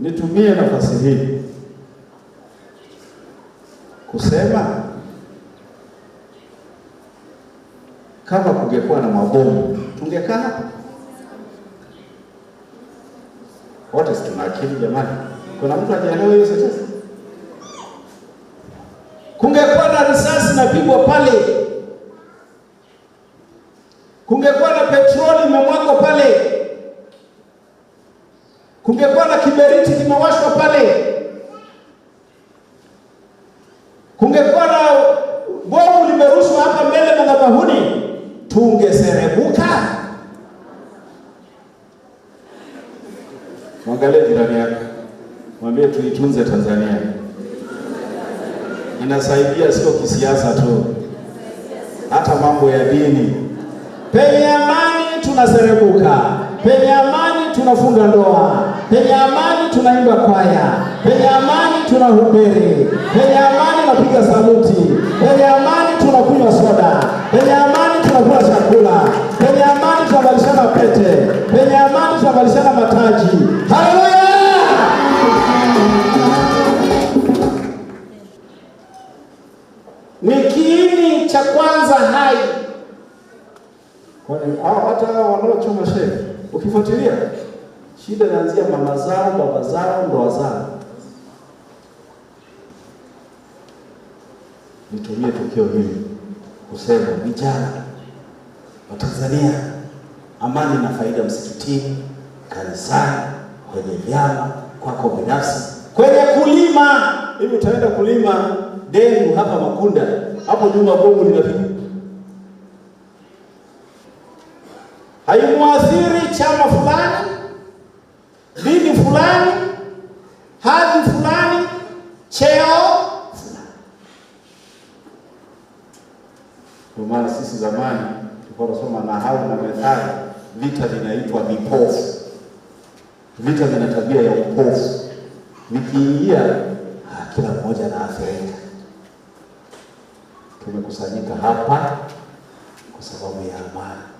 nitumie nafasi hii kusema kama kungekuwa na mabomu tungekaa wote, si tuna akili jamani? Kuna mtu hajaelewa hiyo sentensi? Kungekuwa na risasi napigwa pale, kungekuwa na petroli imemwagwa pale Kungekuwa na kiberiti kimewashwa pale, kungekuwa na bomu limerushwa hapa mbele madhabahuni, tungeserebuka. Mwangalie jirani yako, mwambie tuitunze Tanzania. Inasaidia sio kisiasa tu, hata mambo ya dini. Penye amani tunaserebuka, penye amani tunafunga ndoa penye amani tunaimba kwaya, penye amani tunahubiri, penye amani napiga saluti, penye amani tunakunywa soda, penye amani tunakula chakula, penye amani tunavalishana pete, penye amani tunavalishana mataji. Haleluya! ni kiini cha kwanza hai. hata wanaochoma shehe ukifuatilia Shida inaanzia mama zao, baba zao, ndoa zao. Nitumie tukio hili kusema vijana wa Tanzania, amani na faida msikitini, kanisani, kwenye vyama, kwako binafsi, kwenye kulima. Mimi utaenda kulima dengu hapa Makunda, hapo nyuma bomu linapiga haimwathiri chama fulani Kwa maana sisi zamani tulikuwa tunasoma nahau na methali, vita vinaitwa vipofu. Vita vina tabia ya upofu, vikiingia ah, kila mmoja na Tumekusanyika hapa kwa sababu ya amani.